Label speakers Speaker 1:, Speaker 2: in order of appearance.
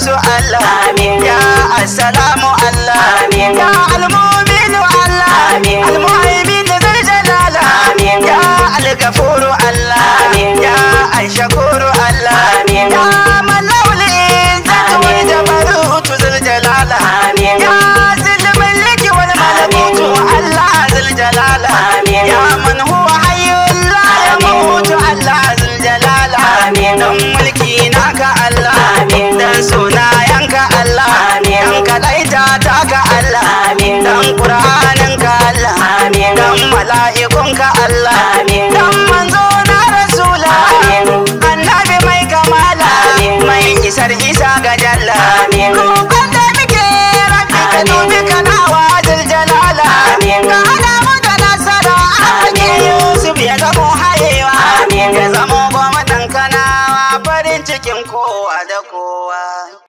Speaker 1: su Allah Amin. ya assalamu Allah Amin. ya almuminu Allah almuhaiminu zai Amin. ya alkafuru Allah Amin. ya ashakuru Allah Amin. ya malawul Zatu wal jabarutu zul Amin. ya zil maliki wal malakutu Allah zul Amin son ka Allah dan manzo na rasula annabi mai kamala mai isar isa ga jalla kokon da muke rabbi ka dubi kana wa adil jalala ka hada mu da nasara amin yusuf ya zamo hayewa ya zamo gwamnatin kanawa
Speaker 2: farin cikin kowa da kowa